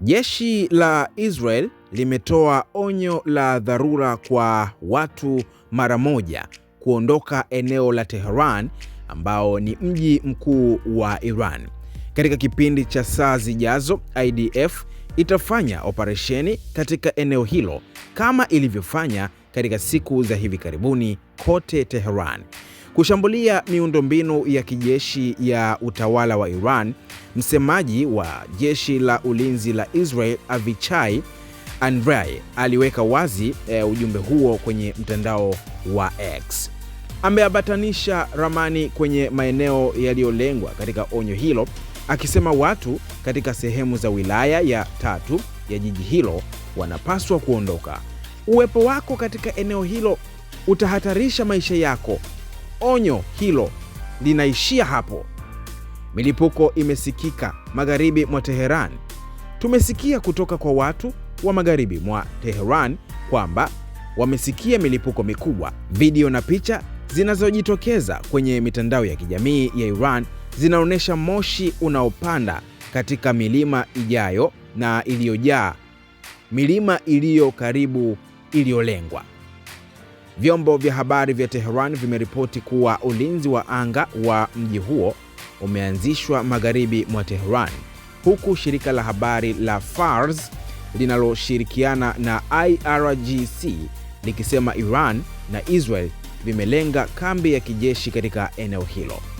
Jeshi la Israel limetoa onyo la dharura kwa watu mara moja kuondoka eneo la Tehran ambao ni mji mkuu wa Iran. Katika kipindi cha saa zijazo, IDF itafanya operesheni katika eneo hilo kama ilivyofanya katika siku za hivi karibuni kote Tehran kushambulia miundombinu ya kijeshi ya utawala wa Iran. Msemaji wa jeshi la ulinzi la Israel Avichai Andrei aliweka wazi e, ujumbe huo kwenye mtandao wa X. Ameambatanisha ramani kwenye maeneo yaliyolengwa katika onyo hilo, akisema watu katika sehemu za wilaya ya tatu ya jiji hilo wanapaswa kuondoka. Uwepo wako katika eneo hilo utahatarisha maisha yako Onyo hilo linaishia hapo. Milipuko imesikika magharibi mwa Teheran. Tumesikia kutoka kwa watu wa magharibi mwa Teheran kwamba wamesikia milipuko mikubwa. Video na picha zinazojitokeza kwenye mitandao ya kijamii ya Iran zinaonyesha moshi unaopanda katika milima ijayo na iliyojaa milima iliyo karibu iliyolengwa. Vyombo vya habari vya Teheran vimeripoti kuwa ulinzi wa anga wa mji huo umeanzishwa magharibi mwa Teheran, huku shirika la habari la Fars linaloshirikiana na IRGC likisema Iran na Israel vimelenga kambi ya kijeshi katika eneo hilo.